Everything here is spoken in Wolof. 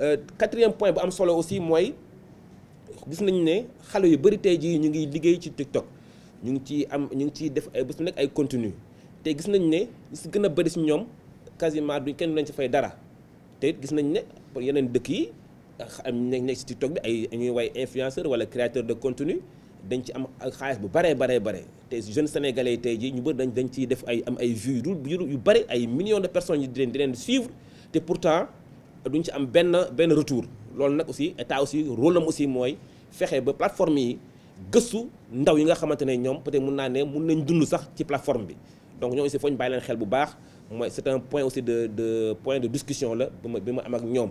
Euh, quatrième point bu am solo aussi mooy gis nañ ne xale yu bëri tey jii ñu ngi liggéey ci TikTok ñu ngi ci am ñu ngi ciy def ay bés bu nekk ay contenu te gis nañ ne gën a bëri si ñoom quasiment duñ kenn lañ ci fay dara te gis nañu ne yeneen dëkk yi am nekk si TikTok bi ay ñuy way influenceur wala créateur de contenu dañ ci am xaalis bu baree baree bare te jeunes sénégalais tey ji ñu bëri dañ dañ ciy def ay am ay vues yu yu bëri ay millions de personnes yi di leen di leen suivre te pourtant. duñ ci am benn benn retour loolu nag aussi état aussi rôle am aussi mooy fexe ba plateforme yi gëstu ndaw yi nga xamante ne ñoom peut-être mun naa ne mun nañ dund sax ci plateforme bi donc ñoom aussi foo ñu bàyyi leen xel bu baax mooy c'est un point aussi de de point de discussion la bi ma bi ma am ak ñoom